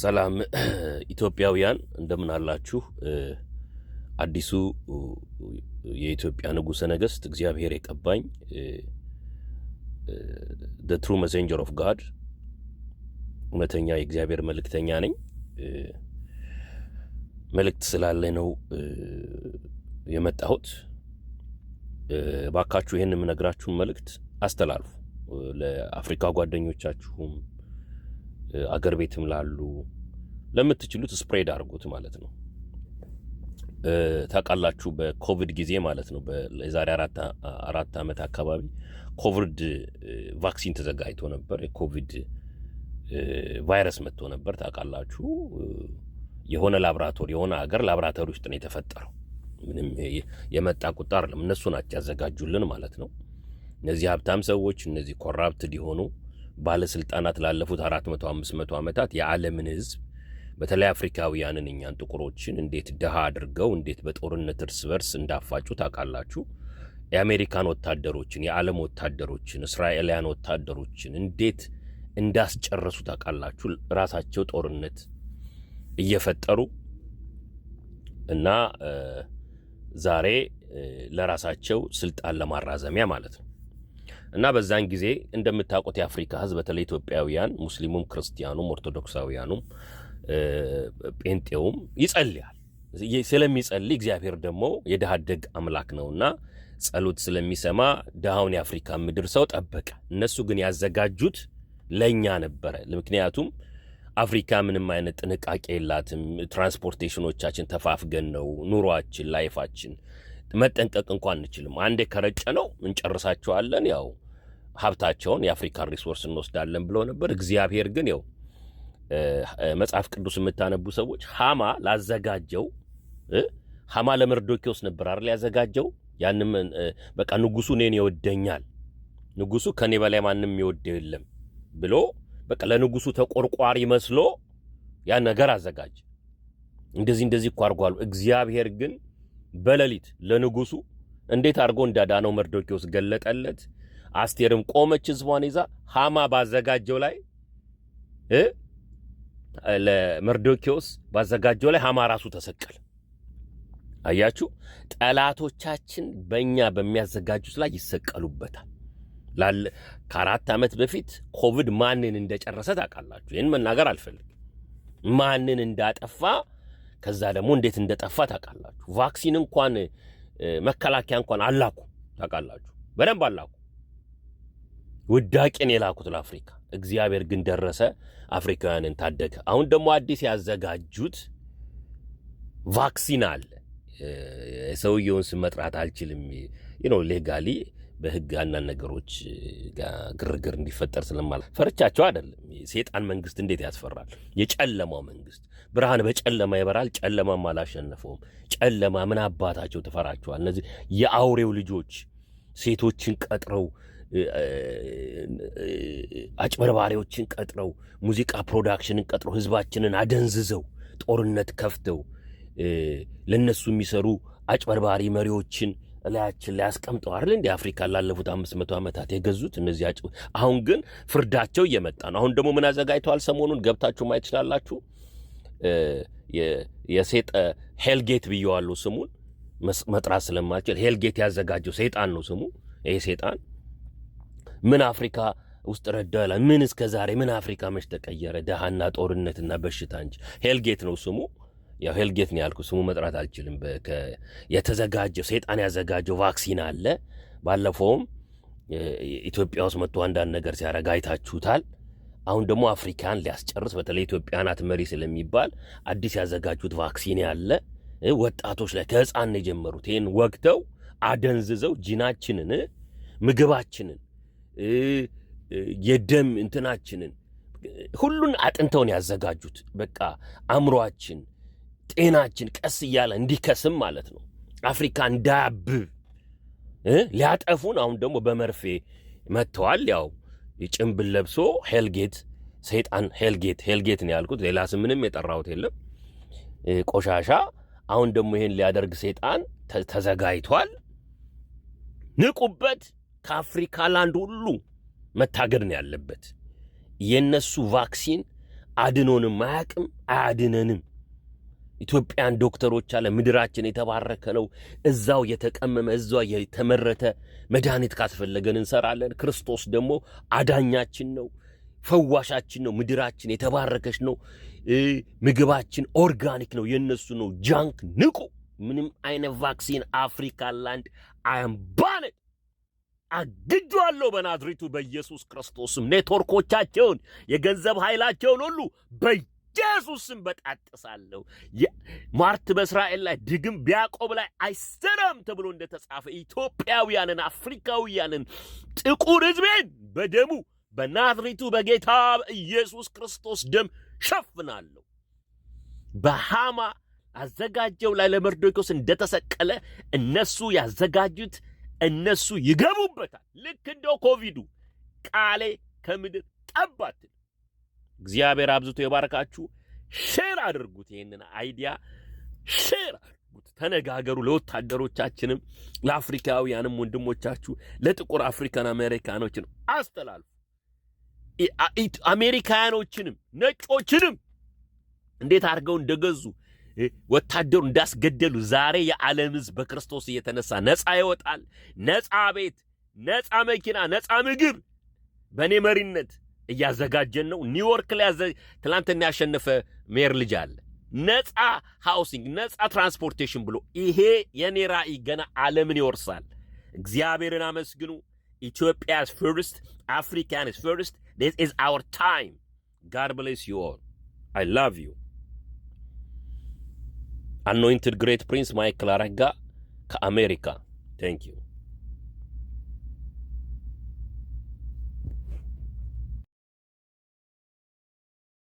ሰላም ኢትዮጵያውያን እንደምን አላችሁ? አዲሱ የኢትዮጵያ ንጉሠ ነገሥት እግዚአብሔር የቀባኝ ደ ትሩ መሴንጀር ኦፍ ጋድ እውነተኛ የእግዚአብሔር መልእክተኛ ነኝ። መልእክት ስላለ ነው የመጣሁት። ባካችሁ ይህን የምነግራችሁን መልእክት አስተላልፉ ለአፍሪካ ጓደኞቻችሁም አገር ቤትም ላሉ ለምትችሉት ስፕሬድ አድርጉት ማለት ነው። ታውቃላችሁ በኮቪድ ጊዜ ማለት ነው የዛሬ አራት ዓመት አካባቢ ኮቪድ ቫክሲን ተዘጋጅቶ ነበር። የኮቪድ ቫይረስ መጥቶ ነበር። ታውቃላችሁ የሆነ ላብራቶሪ የሆነ ሀገር ላብራቶሪ ውስጥ ነው የተፈጠረው። ምንም የመጣ ቁጣ አይደለም። እነሱ ናቸው ያዘጋጁልን ማለት ነው። እነዚህ ሀብታም ሰዎች እነዚህ ኮራፕት ሊሆኑ ባለስልጣናት ላለፉት 450 ዓመታት የዓለምን ሕዝብ በተለይ አፍሪካውያንን እኛን ጥቁሮችን እንዴት ድሃ አድርገው እንዴት በጦርነት እርስ በርስ እንዳፋጩ ታውቃላችሁ። የአሜሪካን ወታደሮችን፣ የዓለም ወታደሮችን፣ እስራኤልያን ወታደሮችን እንዴት እንዳስጨረሱ ታውቃላችሁ። ራሳቸው ጦርነት እየፈጠሩ እና ዛሬ ለራሳቸው ስልጣን ለማራዘሚያ ማለት ነው። እና በዛን ጊዜ እንደምታውቁት የአፍሪካ ህዝብ በተለይ ኢትዮጵያውያን፣ ሙስሊሙም፣ ክርስቲያኑም፣ ኦርቶዶክሳውያኑም ጴንጤውም ይጸልያል። ስለሚጸልይ እግዚአብሔር ደግሞ የድሃ ደግ አምላክ ነውና ጸሎት ስለሚሰማ ድሃውን የአፍሪካ ምድር ሰው ጠበቀ። እነሱ ግን ያዘጋጁት ለእኛ ነበረ። ምክንያቱም አፍሪካ ምንም አይነት ጥንቃቄ የላትም። ትራንስፖርቴሽኖቻችን ተፋፍገን ነው። ኑሯችን፣ ላይፋችን መጠንቀቅ እንኳን አንችልም። አንዴ ከረጨ ነው እንጨርሳቸዋለን ያው ሀብታቸውን የአፍሪካን ሪሶርስ እንወስዳለን ብለው ነበር። እግዚአብሔር ግን ው መጽሐፍ ቅዱስ የምታነቡ ሰዎች ሃማ ላዘጋጀው ሃማ ለመርዶኪዎስ ነበር አይደል ያዘጋጀው። ያንም በቃ ንጉሱ እኔን ይወደኛል፣ ንጉሱ ከኔ በላይ ማንም ይወደው የለም ብሎ በቃ ለንጉሱ ተቆርቋሪ መስሎ ያን ነገር አዘጋጀ። እንደዚህ እንደዚህ እኮ አድርጓል። እግዚአብሔር ግን በሌሊት ለንጉሱ እንዴት አድርጎ እንዳዳነው መርዶኪዎስ ገለጠለት። አስቴርም ቆመች፣ ህዝቧን ይዛ ሃማ ባዘጋጀው ላይ ለመርዶኪዎስ ባዘጋጀው ላይ ሃማ ራሱ ተሰቀለ። አያችሁ፣ ጠላቶቻችን በእኛ በሚያዘጋጁት ላይ ይሰቀሉበታል። ከአራት ዓመት በፊት ኮቪድ ማንን እንደጨረሰ ታውቃላችሁ። ይህን መናገር አልፈልግም። ማንን እንዳጠፋ ከዛ ደግሞ እንዴት እንደጠፋ ታውቃላችሁ። ቫክሲን እንኳን መከላከያ እንኳን አላኩ ታውቃላችሁ፣ በደንብ አላኩ። ውዳቄን የላኩት ለአፍሪካ። እግዚአብሔር ግን ደረሰ፣ አፍሪካውያንን ታደገ። አሁን ደግሞ አዲስ ያዘጋጁት ቫክሲን አለ። ሰውየውን ስም መጥራት አልችልም ነው ሌጋሊ በህግ አንዳንድ ነገሮች ግርግር እንዲፈጠር ስለማለት ፈርቻቸው አይደለም። ሴጣን መንግስት እንዴት ያስፈራል! የጨለማው መንግስት ብርሃን በጨለማ ይበራል፣ ጨለማም አላሸነፈውም። ጨለማ ምን አባታቸው ትፈራቸዋል? እነዚህ የአውሬው ልጆች ሴቶችን ቀጥረው አጭበርባሪዎችን ቀጥረው ሙዚቃ ፕሮዳክሽንን ቀጥረው ህዝባችንን አደንዝዘው ጦርነት ከፍተው ለነሱ የሚሰሩ አጭበርባሪ መሪዎችን እላያችን ላይ አስቀምጠው አይደል እንዲ አፍሪካ ላለፉት አምስት መቶ ዓመታት የገዙት እነዚህ አጭ አሁን ግን ፍርዳቸው እየመጣ ነው። አሁን ደግሞ ምን አዘጋጅተዋል? ሰሞኑን ገብታችሁ ማየት ትችላላችሁ። የሴጠ ሄልጌት ብየዋለሁ ስሙን መጥራት ስለማልችል ሄልጌት ያዘጋጀው ሴጣን ነው ስሙ ይሄ ሴጣን ምን አፍሪካ ውስጥ ረዳላ ምን እስከ ዛሬ ምን አፍሪካ መች ተቀየረ? ደሃና ጦርነትና በሽታ እንጂ። ሄልጌት ነው ስሙ። ያው ሄልጌት ነው ያልኩ፣ ስሙ መጥራት አልችልም። የተዘጋጀው ሰይጣን ያዘጋጀው ቫክሲን አለ። ባለፈውም ኢትዮጵያ ውስጥ መጥቶ አንዳንድ ነገር ሲያረጋ አይታችሁታል። አሁን ደግሞ አፍሪካን ሊያስጨርስ በተለይ ኢትዮጵያ ናት መሪ ስለሚባል አዲስ ያዘጋጁት ቫክሲን ያለ ወጣቶች ላይ ከህፃን የጀመሩት ይህን ወግተው አደንዝዘው ጂናችንን ምግባችንን የደም እንትናችንን ሁሉን አጥንተውን ያዘጋጁት በቃ አእምሯችን፣ ጤናችን ቀስ እያለ እንዲከስም ማለት ነው። አፍሪካ እንዳያብብ ሊያጠፉን አሁን ደግሞ በመርፌ መጥተዋል። ያው ጭንብል ለብሶ ሄልጌት ሰይጣን ሄልጌት ሄልጌት ነው ያልኩት፣ ሌላ ስም ምንም የጠራሁት የለም። ቆሻሻ አሁን ደግሞ ይሄን ሊያደርግ ሰይጣን ተዘጋጅቷል። ንቁበት። ከአፍሪካ ላንድ ሁሉ መታገድ ነው ያለበት። የነሱ ቫክሲን አድኖንም አያቅም አያድነንም። ኢትዮጵያን ዶክተሮች አለ ምድራችን የተባረከ ነው። እዛው የተቀመመ እዛው የተመረተ መድኃኒት ካስፈለገን እንሰራለን። ክርስቶስ ደግሞ አዳኛችን ነው፣ ፈዋሻችን ነው። ምድራችን የተባረከች ነው። ምግባችን ኦርጋኒክ ነው፣ የእነሱ ነው ጃንክ። ንቁ! ምንም አይነት ቫክሲን አፍሪካ ላንድ አያምባለን። አግጇለሁ በናዝሪቱ በኢየሱስ ክርስቶስም። ኔትወርኮቻቸውን፣ የገንዘብ ኃይላቸውን ሁሉ በኢየሱስም ስም በጣጥሳለሁ። ማርት በእስራኤል ላይ ድግም በያዕቆብ ላይ አይሰራም ተብሎ እንደተጻፈ ኢትዮጵያውያንን፣ አፍሪካውያንን፣ ጥቁር ሕዝቤን በደሙ በናዝሪቱ በጌታ በኢየሱስ ክርስቶስ ደም ሸፍናለሁ። በሃማ አዘጋጀው ላይ ለመርዶኪዎስ እንደተሰቀለ እነሱ ያዘጋጁት እነሱ ይገቡበታል። ልክ እንደው ኮቪዱ ቃሌ ከምድር ጠባት። እግዚአብሔር አብዝቶ የባረካችሁ። ሼር አድርጉት፣ ይህንን አይዲያ ሼር አድርጉት፣ ተነጋገሩ። ለወታደሮቻችንም ለአፍሪካውያንም ወንድሞቻችሁ ለጥቁር አፍሪካን አሜሪካኖችን አስተላልፉ። አሜሪካኖችንም ነጮችንም እንዴት አድርገው እንደገዙ ወታደሩ እንዳስገደሉ ዛሬ የዓለም ሕዝብ በክርስቶስ እየተነሳ ነፃ ይወጣል። ነፃ ቤት፣ ነፃ መኪና፣ ነፃ ምግብ በእኔ መሪነት እያዘጋጀን ነው። ኒውዮርክ ላይ ትላንትና ያሸነፈ ሜር ልጅ አለ። ነፃ ሃውሲንግ፣ ነፃ ትራንስፖርቴሽን ብሎ ይሄ የእኔ ራዕይ ገና ዓለምን ይወርሳል። እግዚአብሔርን አመስግኑ። ኢትዮጵያ ፍርስት፣ አፍሪካን ፍርስት። ዚስ ኢዝ አወር ታይም። ጋድ ብሌስ ዩ ኦል። አይ ላቭ ዩ አኖይንትድ ግሬት ፕሪንስ ማይክል አረጋ ከአሜሪካ ቴንክ ዩ።